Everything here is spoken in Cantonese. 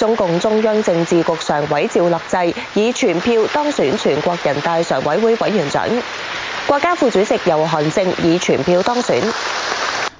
中共中央政治局常委趙樂際以全票當選全國人大常委會委員長，國家副主席由韓正以全票當選。